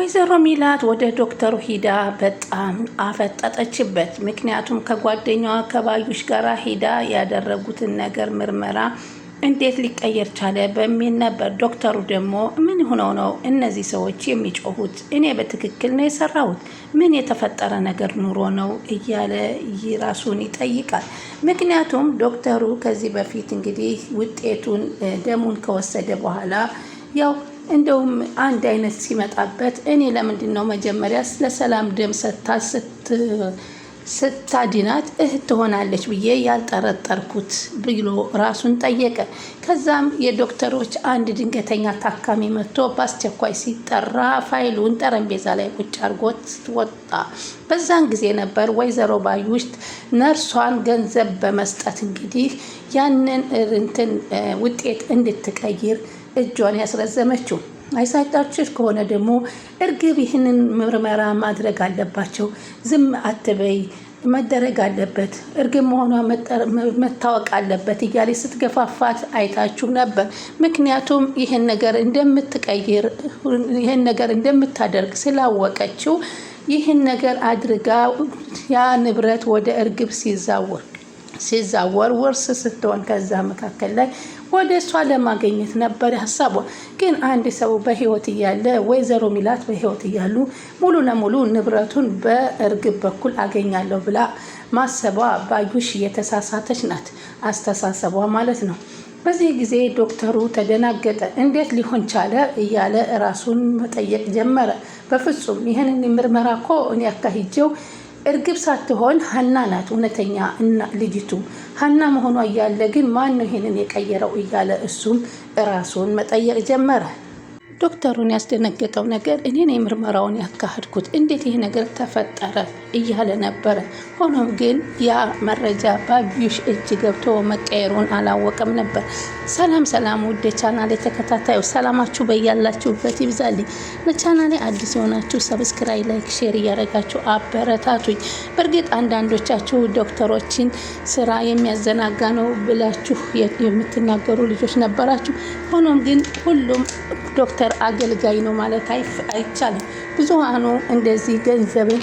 ወይዘሮ ሚላት ወደ ዶክተሩ ሂዳ በጣም አፈጠጠችበት። ምክንያቱም ከጓደኛዋ ከባዩሽ ጋር ሂዳ ያደረጉትን ነገር ምርመራ እንዴት ሊቀየር ቻለ በሚል ነበር። ዶክተሩ ደግሞ ምን ሆነው ነው እነዚህ ሰዎች የሚጮሁት? እኔ በትክክል ነው የሰራሁት? ምን የተፈጠረ ነገር ኑሮ ነው እያለ ራሱን ይጠይቃል። ምክንያቱም ዶክተሩ ከዚህ በፊት እንግዲህ ውጤቱን ደሙን ከወሰደ በኋላ ያው እንደውም አንድ አይነት ሲመጣበት እኔ ለምንድን ነው መጀመሪያ ስለ ሰላም ደም ሰታ ስታድናት እህት ትሆናለች ብዬ ያልጠረጠርኩት ብሎ ራሱን ጠየቀ። ከዛም የዶክተሮች አንድ ድንገተኛ ታካሚ መጥቶ በአስቸኳይ ሲጠራ ፋይሉን ጠረጴዛ ላይ ቁጭ አርጎት ወጣ። በዛን ጊዜ ነበር ወይዘሮ ባዩሽ ነርሷን ገንዘብ በመስጠት እንግዲህ ያንን እንትን ውጤት እንድትቀይር እጇን ያስረዘመችው። አይሳጣችሁ ከሆነ ደግሞ እርግብ ይህንን ምርመራ ማድረግ አለባቸው። ዝም አትበይ መደረግ አለበት እርግብ መሆኗ መታወቅ አለበት እያለ ስትገፋፋት አይታችሁ ነበር። ምክንያቱም ይህን ነገር እንደምትቀይር ይህን ነገር እንደምታደርግ ስላወቀችው ይህን ነገር አድርጋ ያ ንብረት ወደ እርግብ ሲዛወር ሲዛወር ውርስ ስትሆን ከዛ መካከል ላይ ወደ እሷ ለማገኘት ነበር ሀሳቧ። ግን አንድ ሰው በህይወት እያለ ወይዘሮ ሚላት በህይወት እያሉ ሙሉ ለሙሉ ንብረቱን በእርግብ በኩል አገኛለሁ ብላ ማሰቧ ባዩሽ የተሳሳተች ናት፣ አስተሳሰቧ ማለት ነው። በዚህ ጊዜ ዶክተሩ ተደናገጠ። እንዴት ሊሆን ቻለ እያለ ራሱን መጠየቅ ጀመረ። በፍጹም ይህንን ምርመራ እኮ እኔ እርግብ ሳትሆን ሀና ናት እውነተኛ ልጅቱ ሀና መሆኗ እያለ ግን ማን ነው ይሄንን የቀየረው እያለ እሱም እራሱን መጠየቅ ጀመረ። ዶክተሩን ያስደነገጠው ነገር እኔ ነኝ ምርመራውን ያካሄድኩት እንዴት ይህ ነገር ተፈጠረ እያለ ነበረ። ሆኖም ግን ያ መረጃ በአብዩሽ እጅ ገብቶ መቀየሩን አላወቀም ነበር። ሰላም ሰላም፣ ውድ የቻናሌ ተከታታዩ ሰላማችሁ በያላችሁበት ይብዛልኝ። ለቻናሌ አዲስ የሆናችሁ ሰብስክራይ፣ ላይክ፣ ሼር እያደረጋችሁ አበረታቱኝ። በእርግጥ አንዳንዶቻችሁ ዶክተሮችን ስራ የሚያዘናጋ ነው ብላችሁ የምትናገሩ ልጆች ነበራችሁ። ሆኖም ግን ሁሉም ዶክተር ነገር አገልጋይ ነው ማለት አይቻልም። ብዙሃኑ እንደዚህ ገንዘብን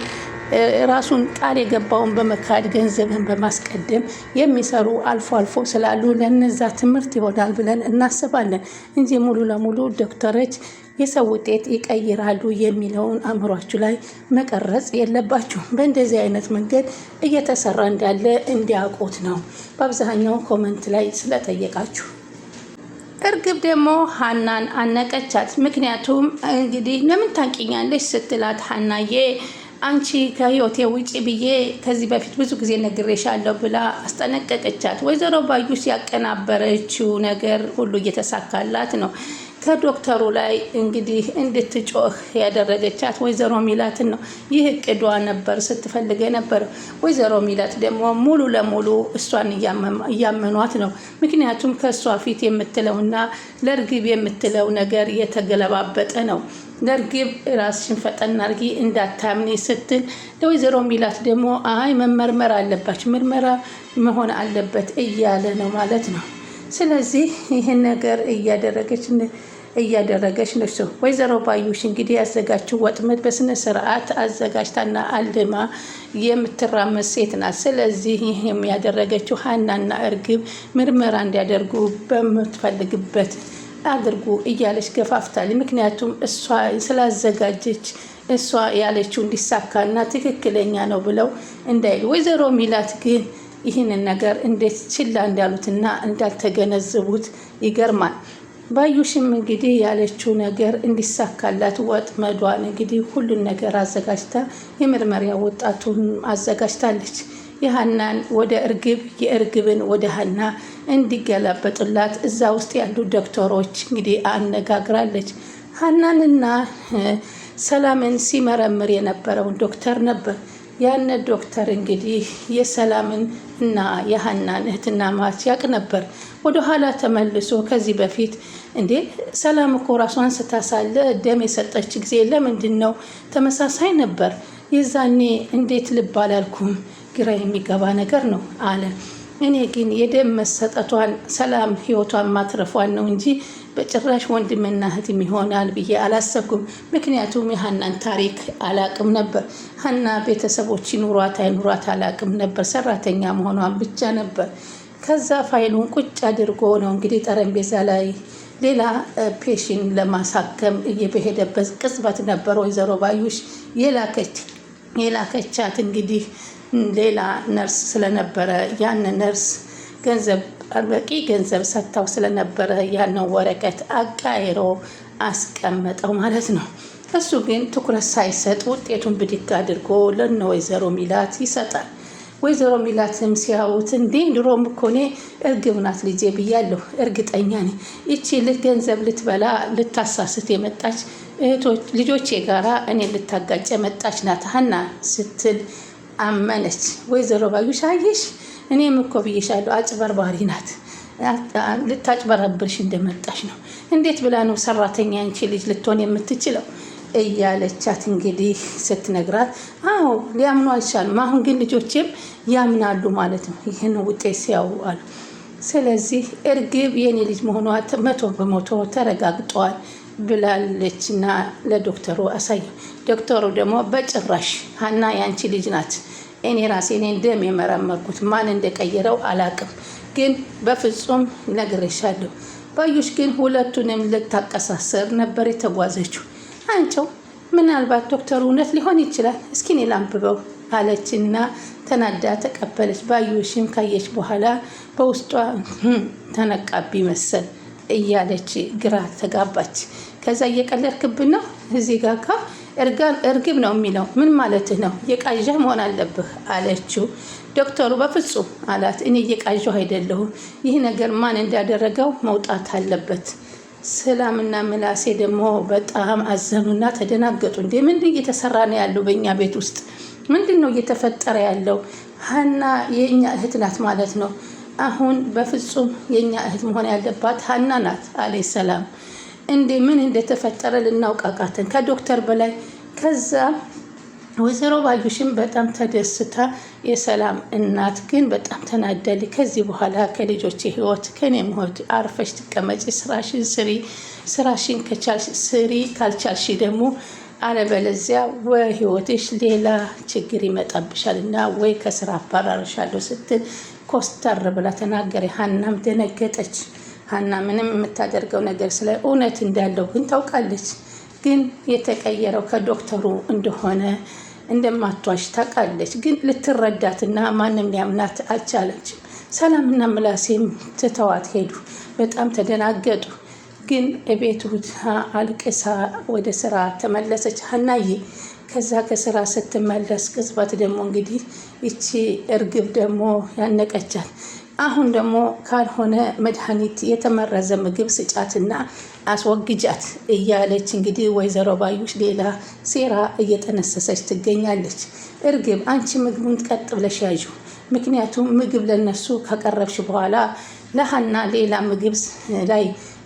ራሱን ቃል የገባውን በመካድ ገንዘብን በማስቀደም የሚሰሩ አልፎ አልፎ ስላሉ ለነዛ ትምህርት ይሆናል ብለን እናስባለን እንጂ ሙሉ ለሙሉ ዶክተሮች የሰው ውጤት ይቀይራሉ የሚለውን አእምሯችሁ ላይ መቀረጽ የለባችሁ። በእንደዚህ አይነት መንገድ እየተሰራ እንዳለ እንዲያውቁት ነው። በአብዛኛው ኮመንት ላይ ስለጠየቃችሁ እርግብ ደግሞ ሀናን አነቀቻት። ምክንያቱም እንግዲህ ለምን ታንቂኛለች ስትላት ሀናዬ አንቺ ከህይወቴ ውጪ ብዬ ከዚህ በፊት ብዙ ጊዜ ነግሬሻለሁ ብላ አስጠነቀቀቻት። ወይዘሮ ባዩስ ያቀናበረችው ነገር ሁሉ እየተሳካላት ነው። ከዶክተሩ ላይ እንግዲህ እንድትጮህ ያደረገቻት ወይዘሮ ሚላትን ነው። ይህ እቅዷ ነበር ስትፈልገ ነበረ ወይዘሮ ሚላት ደግሞ ሙሉ ለሙሉ እሷን እያመኗት ነው። ምክንያቱም ከእሷ ፊት የምትለውና ለእርግብ የምትለው ነገር የተገለባበጠ ነው። ለእርግብ ራስሽን ፈጠን አድርጊ እንዳታምኒ ስትል፣ ለወይዘሮ ሚላት ደግሞ አይ መመርመር አለባች ምርመራ መሆን አለበት እያለ ነው ማለት ነው። ስለዚህ ይህን ነገር እያደረገች እያደረገች ነሱ ወይዘሮ ባዩሽ እንግዲህ ያዘጋችው ወጥመድ በስነ ስርዓት አዘጋጅታና አልድማ የምትራመስ ሴት ናት። ስለዚህ ይህም ያደረገችው ሀናና እርግብ ምርመራ እንዲያደርጉ በምትፈልግበት አድርጉ እያለች ገፋፍታል። ምክንያቱም እሷ ስላዘጋጀች እሷ ያለችው እንዲሳካና ትክክለኛ ነው ብለው እንዳይሉ ወይዘሮ ሚላት ግን ይህንን ነገር እንዴት ችላ እንዳሉትና እንዳልተገነዘቡት ይገርማል። ባዩሽም እንግዲህ ያለችው ነገር እንዲሳካላት ወጥመዷን እንግዲህ ሁሉን ነገር አዘጋጅታ የመርመሪያ ወጣቱን አዘጋጅታለች። የሀናን ወደ እርግብ የእርግብን ወደ ሀና እንዲገላበጡላት እዛ ውስጥ ያሉ ዶክተሮች እንግዲህ አነጋግራለች። ሀናንና ሰላምን ሲመረምር የነበረውን ዶክተር ነበር ያነ ዶክተር እንግዲህ የሰላምን እና የሀናን እህትና ማች ያቅ ነበር። ወደ ኋላ ተመልሶ ከዚህ በፊት እንዴ ሰላም እኮ ራሷን ስታሳለ ደም የሰጠች ጊዜ ለምንድን ነው ተመሳሳይ ነበር? የዛኔ እንዴት ልብ አላልኩም? ግራ የሚገባ ነገር ነው አለ። እኔ ግን የደም መሰጠቷን ሰላም ህይወቷን ማትረፏን ነው እንጂ በጭራሽ ወንድምና እህትም ይሆናል ብዬ አላሰብኩም። ምክንያቱም የሀናን ታሪክ አላቅም ነበር። ሀና ቤተሰቦች ኑሯት አይኑሯት አላቅም ነበር። ሰራተኛ መሆኗን ብቻ ነበር። ከዛ ፋይሉን ቁጭ አድርጎ ነው እንግዲህ ጠረጴዛ ላይ ሌላ ፔሽን ለማሳከም እየበሄደበት ቅጽበት ነበር ወይዘሮ ባዩሽ የላከች የላከቻት እንግዲህ ሌላ ነርስ ስለነበረ ያን ነርስ ገንዘብ በቂ ገንዘብ ሰጥተው ስለነበረ ያንን ወረቀት አቃይሮ አስቀመጠው ማለት ነው። እሱ ግን ትኩረት ሳይሰጥ ውጤቱን ብድግ አድርጎ ለነ ወይዘሮ ሚላት ይሰጣል። ወይዘሮ ሚላትም ሲያዩት እንዴ ድሮም እኮ እኔ እርግብ ናት ልጄ ብያለሁ፣ እርግጠኛ ነኝ ይቺ ገንዘብ ልትበላ ልታሳስት የመጣች ልጆቼ ጋራ እኔ ልታጋጭ የመጣች ናት ሀና ስትል አመነች። ወይዘሮ ባዩሽ አየሽ፣ እኔም እኮ ብዬሻለሁ፣ አጭበርባሪ ናት። ልታጭበረብርሽ እንደመጣሽ ነው። እንዴት ብላ ነው ሰራተኛ አንቺ ልጅ ልትሆን የምትችለው? እያለቻት እንግዲህ ስትነግራት፣ አዎ ሊያምኑ አልቻሉም። አሁን ግን ልጆቼም ያምናሉ ማለት ነው፣ ይህን ውጤት ሲያዩ አሉ። ስለዚህ እርግብ የኔ ልጅ መሆኗ መቶ በመቶ ተረጋግጧል ብላለች እና ለዶክተሩ አሳየ። ዶክተሩ ደግሞ በጭራሽ ሀና የአንቺ ልጅ ናት፣ እኔ ራሴ ኔ ደም የመረመርኩት ማን እንደቀየረው አላቅም፣ ግን በፍጹም ነግሬሻለሁ። ባዩሽ ግን ሁለቱንም ልታቀሳሰር ነበር የተጓዘችው። አንቸው ምናልባት ዶክተሩ እውነት ሊሆን ይችላል። እስኪ እኔ ላንብበው አለችና ተናዳ ተቀበለች። ባዩሽም ካየች በኋላ በውስጧ ተነቃቢ መሰል እያለች ግራ ተጋባች። ከዛ እየቀለድክብን ነው እዚህ ጋር ካ እርግብ ነው የሚለው ምን ማለትህ ነው? የቃዣ መሆን አለብህ አለችው። ዶክተሩ በፍጹም አላት። እኔ እየቃዣው አይደለሁም። ይህ ነገር ማን እንዳደረገው መውጣት አለበት። ሰላምና ምላሴ ደግሞ በጣም አዘኑና ተደናገጡ። እንዴ ምን እየተሰራ ነው ያለው በእኛ ቤት ውስጥ ምንድን ነው እየተፈጠረ ያለው? ሀና የእኛ እህት ናት ማለት ነው። አሁን በፍጹም የእኛ እህት መሆን ያለባት ሀና ናት አለ ሰላም። እንዴ ምን እንደተፈጠረ ልናውቃቃትን ከዶክተር በላይ ከዛ ወይዘሮ ባዩሽም በጣም ተደስታ የሰላም እናት ግን በጣም ተናደል። ከዚህ በኋላ ከልጆች ህይወት ከኔ ሞት አርፈሽ ትቀመጪ፣ ስራሽን ስሪ፣ ስራሽን ከቻልሽ ስሪ፣ ካልቻልሽ ደግሞ አለበለዚያ ህይወትሽ ሌላ ችግር ይመጣብሻል እና ወይ ከስራ አባራርሻለሁ ስትል ኮስተር ብላ ተናገረ። ሀናም ደነገጠች። ሀና ምንም የምታደርገው ነገር ስለ እውነት እንዳለው ግን ታውቃለች። ግን የተቀየረው ከዶክተሩ እንደሆነ እንደማቷሽ ታውቃለች። ግን ልትረዳትና ማንም ሊያምናት አልቻለችም። ሰላምና ምላሴም ትተዋት ሄዱ። በጣም ተደናገጡ። ግን ውድሃ አልቅሳ ወደ ስራ ተመለሰች ሀናዬ። ከዛ ከስራ ስትመለስ ቅጽበት ደግሞ እንግዲህ ይቺ እርግብ ደግሞ ያነቀቻል። አሁን ደግሞ ካልሆነ መድኃኒት የተመረዘ ምግብ ስጫትና አስወግጃት እያለች እንግዲህ ወይዘሮ ባዩሽ ሌላ ሴራ እየጠነሰሰች ትገኛለች። እርግብ አንቺ ምግቡን ቀጥ ብለሽ ያዥው ምክንያቱም ምግብ ለነሱ ከቀረብሽ በኋላ ለሀና ሌላ ምግብ ላይ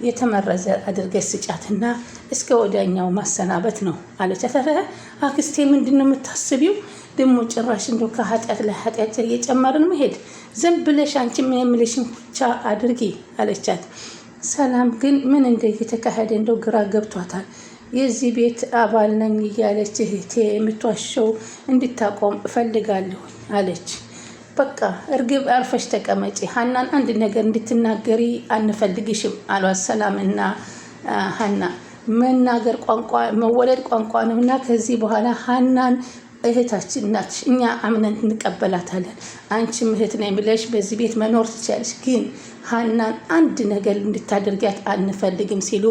የተመረዘ አድርገሽ ስጫትና እስከ ወዲያኛው ማሰናበት ነው አለች። አክስቴ ምንድን ነው የምታስቢው? ደግሞ ጭራሽ እንደ ከኃጢአት ላይ ኃጢአት እየጨመርን መሄድ ዝም ብለሽ አንቺ የምልሽን ብቻ አድርጊ አለቻት። ሰላም ግን ምን እንደ የተካሄደ እንደው ግራ ገብቷታል። የዚህ ቤት አባል ነኝ እያለች እህቴ የምትዋሸው እንድታቆም እፈልጋለሁ አለች። በቃ እርግብ አርፈሽ ተቀመጪ፣ ሀናን አንድ ነገር እንድትናገሪ አንፈልግሽም አሏት። ሰላምና ሀና መናገር ቋንቋ መወለድ ቋንቋ ነው እና ከዚህ በኋላ ሀናን እህታችን ናች፣ እኛ አምነን እንቀበላታለን። አንቺም እህት ነኝ ብለሽ በዚህ ቤት መኖር ትችያለሽ፣ ግን ሀናን አንድ ነገር እንድታደርጊያት አንፈልግም ሲሉ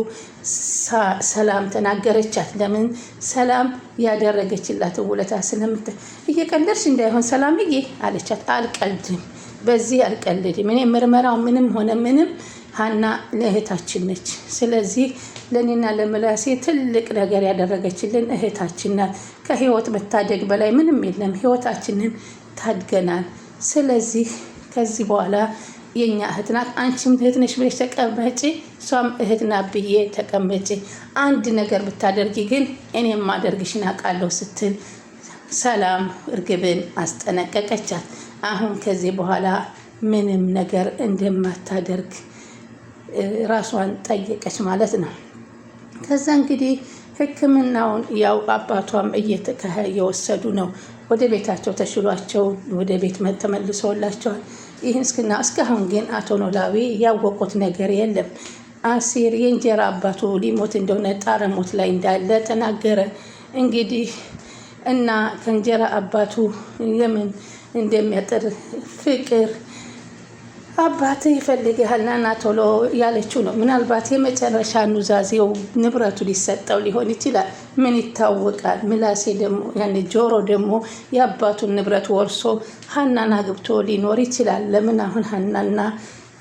ሰላም ተናገረቻት። ለምን ሰላም ያደረገችላትን ውለታ ስለምት እየቀለድሽ እንዳይሆን ሰላምዬ አለቻት። አልቀልድም፣ በዚህ አልቀልድም። እኔ ምርመራው ምንም ሆነ ምንም ሀና ለእህታችን ነች። ስለዚህ ለእኔና ለምላሴ ትልቅ ነገር ያደረገችልን እህታችን ናት። ከህይወት መታደግ በላይ ምንም የለም። ህይወታችንን ታድገናል። ስለዚህ ከዚህ በኋላ የእኛ እህት ናት። አንቺም እህት ነሽ ብለሽ ተቀመጪ፣ እሷም እህት ናት ብዬ ተቀመጪ። አንድ ነገር ብታደርጊ ግን እኔ ማደርግሽን አውቃለሁ ስትል ሰላም እርግብን አስጠነቀቀቻት። አሁን ከዚህ በኋላ ምንም ነገር እንደማታደርግ ራሷን ጠየቀች ማለት ነው። ከዛ እንግዲህ ህክምናውን ያው አባቷም እየተከህ እየወሰዱ ነው። ወደ ቤታቸው ተሽሏቸው ወደ ቤት ተመልሰውላቸዋል። ይህን እስክና እስካሁን ግን አቶ ኖላዊ ያወቁት ነገር የለም። አሲር የእንጀራ አባቱ ሊሞት እንደሆነ ጣረ ሞት ላይ እንዳለ ተናገረ። እንግዲህ እና ከእንጀራ አባቱ የምን እንደሚያጥር ፍቅር አባት ይፈልግሃል ና ቶሎ ያለችው ነው። ምናልባት የመጨረሻ ኑዛዜው ንብረቱ ሊሰጠው ሊሆን ይችላል። ምን ይታወቃል? ምላሴ ደግሞ ያን ጆሮ ደግሞ የአባቱን ንብረት ወርሶ ሀናን አግብቶ ሊኖር ይችላል። ለምን አሁን ሀናና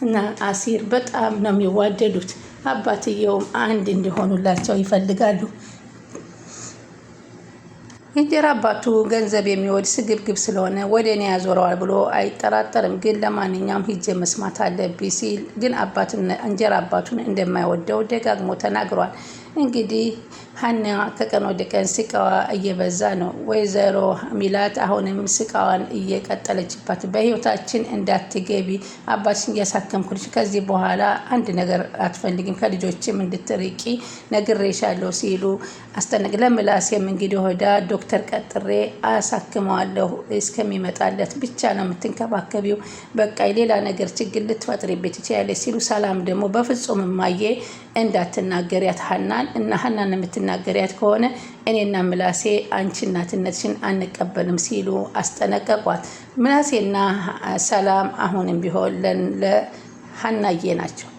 እና አሲር በጣም ነው የሚዋደዱት። አባትየውም አንድ እንዲሆኑላቸው ይፈልጋሉ። እንጀራ አባቱ ገንዘብ የሚወድ ስግብግብ ስለሆነ ወደ እኔ ያዞረዋል ብሎ አይጠራጠርም። ግን ለማንኛውም ሂጄ መስማት አለብኝ ሲል ግን እንጀራ አባቱን እንደማይወደው ደጋግሞ ተናግሯል። እንግዲህ ሀና ከቀን ወደ ቀን ስቃዋ እየበዛ ነው። ወይዘሮ ሚላት አሁንም ስቃዋን እየቀጠለችባት በህይወታችን እንዳትገቢ አባትሽን እያሳከምኩልሽ ከዚህ በኋላ አንድ ነገር አትፈልግም፣ ከልጆችም እንድትርቂ ነግሬሻለሁ ሲሉ አስጠነቅ ለምላሴም እንግዲህ ወዳ ዶክተር ቀጥሬ አሳክመዋለሁ እስከሚመጣለት ብቻ ነው የምትንከባከቢው፣ በቃ ሌላ ነገር ችግር ልትፈጥሪበት ትችያለች ሲሉ ሰላም ደግሞ በፍጹም ማየ እንዳትናገሪያት ሀናን እና ሀናን የምትናገሪያት ከሆነ እኔና ምላሴ አንቺ እናትነትሽን አንቀበልም ሲሉ አስጠነቀቋት። ምላሴና ሰላም አሁንም ቢሆን ለሀናዬ ናቸው።